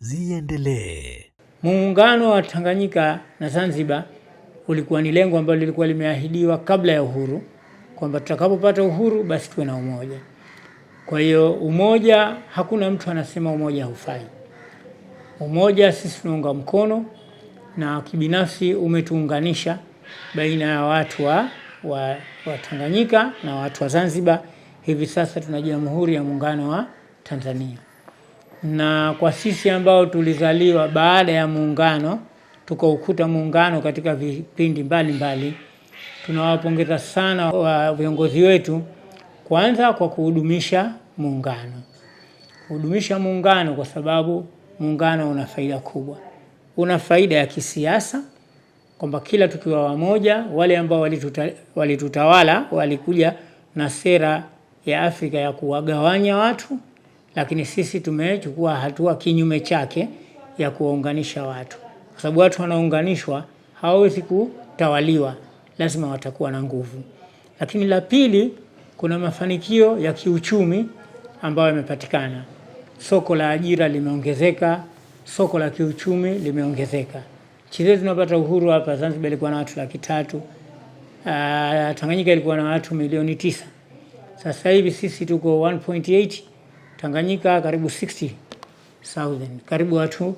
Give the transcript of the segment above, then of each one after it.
ziendelee. Muungano wa Tanganyika na Zanzibar ulikuwa ni lengo ambalo lilikuwa limeahidiwa kabla ya uhuru kwamba tutakapopata uhuru basi tuwe na umoja. Kwa hiyo umoja, hakuna mtu anasema umoja haufai. Umoja sisi tunaunga mkono na kibinafsi umetuunganisha baina ya watu wa, wa, wa Tanganyika na watu wa Zanzibar. Hivi sasa tuna Jamhuri ya Muungano wa Tanzania na kwa sisi ambao tulizaliwa baada ya muungano tukaukuta muungano katika vipindi mbalimbali, tunawapongeza sana wa viongozi wetu, kwanza kwa kuhudumisha muungano, kuhudumisha muungano, kwa sababu muungano una faida kubwa, una faida ya kisiasa kwamba kila tukiwa wamoja, wale ambao walituta, walitutawala walikuja na sera ya Afrika ya kuwagawanya watu lakini sisi tumechukua hatua kinyume chake ya kuwaunganisha watu, kwa sababu watu wanaunganishwa hawawezi kutawaliwa, lazima watakuwa na nguvu. Lakini la pili, kuna mafanikio ya kiuchumi ambayo yamepatikana. Soko la ajira limeongezeka, soko la kiuchumi limeongezeka. Chizetu zinapata uhuru hapa Zanzibar ilikuwa na watu laki tatu. Ah, Tanganyika ilikuwa na watu milioni tisa. Sasa hivi sisi tuko 1.8 Tanganyika karibu 60,000 karibu watu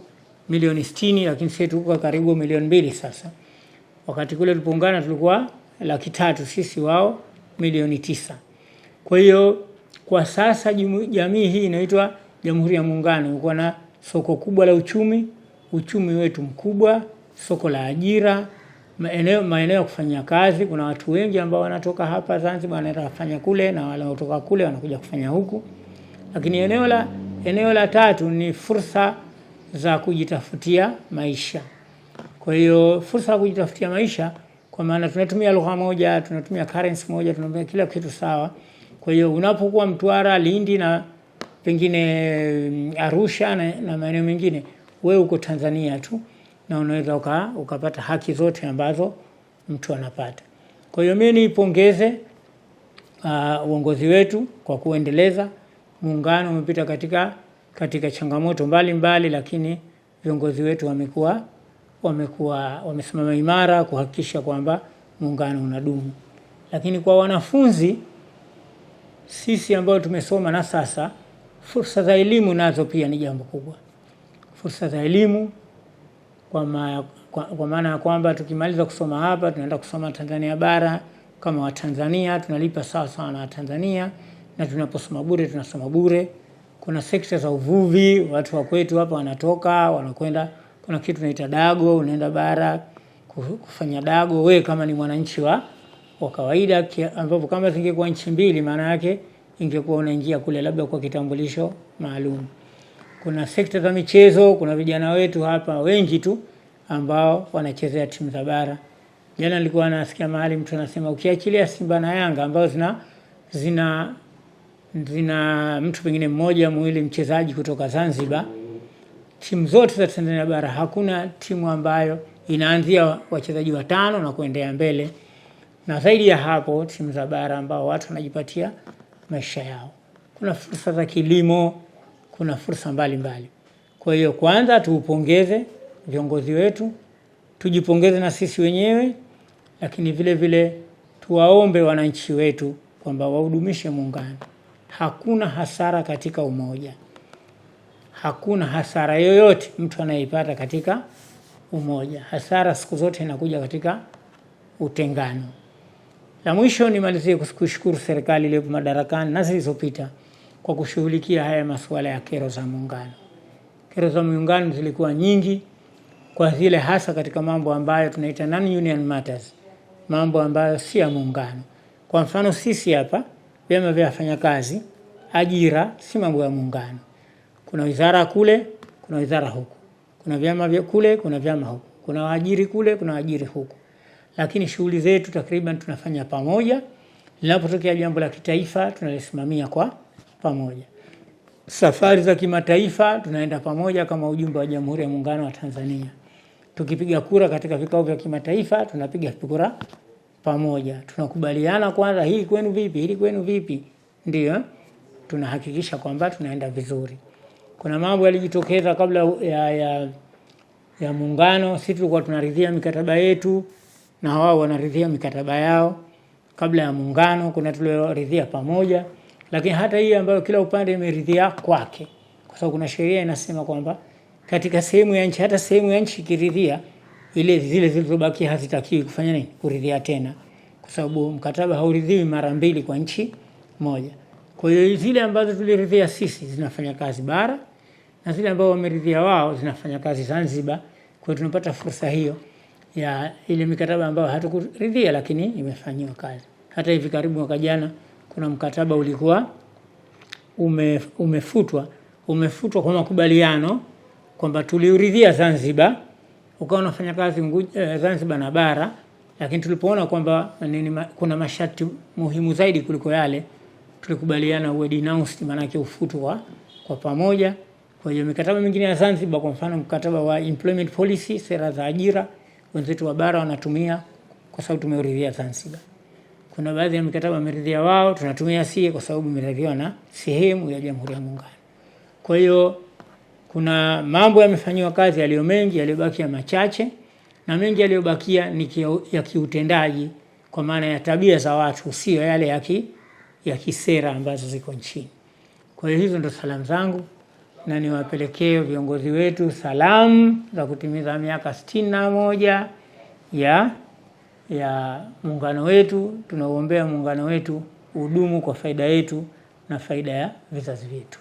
milioni 60, lakini sisi tulikuwa karibu milioni mbili. Sasa wakati kule tulipoungana tulikuwa laki tatu, sisi wao milioni tisa. Kwa hiyo kwa sasa jamii hii inaitwa Jamhuri ya Muungano, ilikuwa na soko kubwa la uchumi, uchumi wetu mkubwa, soko la ajira, maeneo maeneo ya kufanya kazi. Kuna watu wengi ambao wanatoka hapa Zanzibar wanaenda kufanya kule na wale kutoka kule wanakuja kufanya huku. Lakini eneo la eneo la tatu ni fursa za kujitafutia maisha. Kwa hiyo fursa za kujitafutia maisha, kwa maana tunatumia lugha moja, tunatumia currency moja, tunatumia kila kitu sawa. Kwa hiyo unapokuwa Mtwara, Lindi na pengine mm, Arusha na, na maeneo mengine, wewe uko Tanzania tu na unaweza uka, ukapata haki zote ambazo mtu anapata. Kwa hiyo mimi niipongeze uh, ah, uongozi wetu kwa kuendeleza muungano umepita katika, katika changamoto mbalimbali mbali, lakini viongozi wetu wamekuwa wamekuwa wamesimama imara kuhakikisha kwamba muungano unadumu. Lakini kwa wanafunzi sisi ambao tumesoma na sasa, fursa za elimu nazo pia ni jambo kubwa, fursa za elimu kwa maana kwa, kwa ya kwamba tukimaliza kusoma hapa tunaenda kusoma Tanzania bara kama Watanzania, tunalipa sawa sawa na Watanzania na tunaposoma bure tunasoma bure. Kuna sekta za uvuvi, watu wa kwetu hapa wanatoka wanakwenda, kuna kitu naita dago, unaenda bara kufanya dago we kama ni mwananchi wa wa kawaida, ambapo kama zingekuwa nchi mbili, maana yake ingekuwa unaingia kule labda kwa kitambulisho maalum. Kuna sekta za michezo, kuna vijana wetu hapa wengi tu ambao wanachezea timu za bara. Jana nilikuwa nasikia mahali mtu anasema ukiachilia Simba na Yanga ambao zina zina zina mtu pengine mmoja mwili mchezaji kutoka Zanzibar. Timu zote za Tanzania bara hakuna timu ambayo inaanzia wachezaji watano na kuendelea mbele, na zaidi ya hapo timu za bara ambao watu wanajipatia maisha yao. Kuna fursa za kilimo, kuna fursa mbalimbali. Kwa hiyo kwanza tuupongeze viongozi wetu, tujipongeze na sisi wenyewe, lakini vile vile tuwaombe wananchi wetu kwamba waudumishe muungano. Hakuna hasara katika umoja, hakuna hasara yoyote mtu anayeipata katika umoja. Hasara siku zote inakuja katika utengano. La mwisho nimalizie kushukuru serikali iliyopo madarakani na zilizopita kwa kushughulikia haya masuala ya kero za muungano. Kero za muungano zilikuwa nyingi, kwa zile hasa katika mambo ambayo tunaita non union matters, mambo ambayo si ya muungano. Kwa mfano sisi hapa vyama vya wafanyakazi, ajira, si mambo ya muungano. Kuna wizara kule, kuna wizara huku, kuna vyama vya kule, kuna vyama huku, kuna waajiri kule, kuna waajiri huku, lakini shughuli zetu takriban tunafanya pamoja. Linapotokea jambo la kitaifa tunalisimamia kwa pamoja. Safari za kimataifa tunaenda pamoja kama ujumbe wa Jamhuri ya Muungano wa Tanzania. Tukipiga kura katika vikao vya kimataifa tunapiga kura pamoja, tunakubaliana kwanza, hili kwenu vipi, hili kwenu vipi, ndio tunahakikisha kwamba tunaenda vizuri. Kuna mambo yalijitokeza kabla ya, ya, ya muungano. Sisi tulikuwa tunaridhia mikataba yetu na wao wanaridhia mikataba yao. Kabla ya muungano, kuna tulioridhia pamoja, lakini hata hii ambayo kila upande imeridhia kwake, kwa sababu kuna sheria inasema kwamba katika sehemu ya nchi, hata sehemu ya nchi ikiridhia ile zile zilizobaki hazitakiwi kufanya nini, kuridhia tena, kwa sababu mkataba hauridhiwi mara mbili kwa nchi moja. Kwa hiyo zile ambazo tuliridhia sisi zinafanya kazi bara na zile ambao wameridhia wao zinafanya kazi Zanzibar. Kwa hiyo tunapata fursa hiyo ya ile mikataba ambayo hatukuridhia lakini imefanyiwa kazi. Hata hivi karibu mwaka jana kuna mkataba ulikuwa ume, umefutwa umefutwa kwa makubaliano kwamba tuliuridhia Zanzibar ukawa unafanya kazi eh, Zanzibar na bara, lakini tulipoona kwamba kuna masharti muhimu zaidi kuliko yale, tulikubaliana uwe denounced, maana yake ufutwa kwa pamoja. Kwa hiyo mikataba mingine ya Zanzibar, kwa mfano mkataba wa employment policy, sera za ajira, wenzetu wa bara wanatumia kwa sababu tumeuridhia Zanzibar. Kuna baadhi ya mikataba wameridhia wao, tunatumia sie kwa sababu imeridhiwa na sehemu ya Jamhuri ya Muungano. Kwa hiyo kuna mambo yamefanyiwa kazi yaliyo mengi, yaliyobakia machache, na mengi yaliyobakia ni ya kiutendaji, kwa maana ya tabia za watu, sio yale ya ki, ya kisera ambazo ziko nchini. Kwa hiyo hizo ndo salamu zangu, na niwapelekee viongozi wetu salamu za kutimiza miaka sitini na moja ya ya muungano wetu. Tunauombea muungano wetu udumu kwa faida yetu na faida ya vizazi vyetu.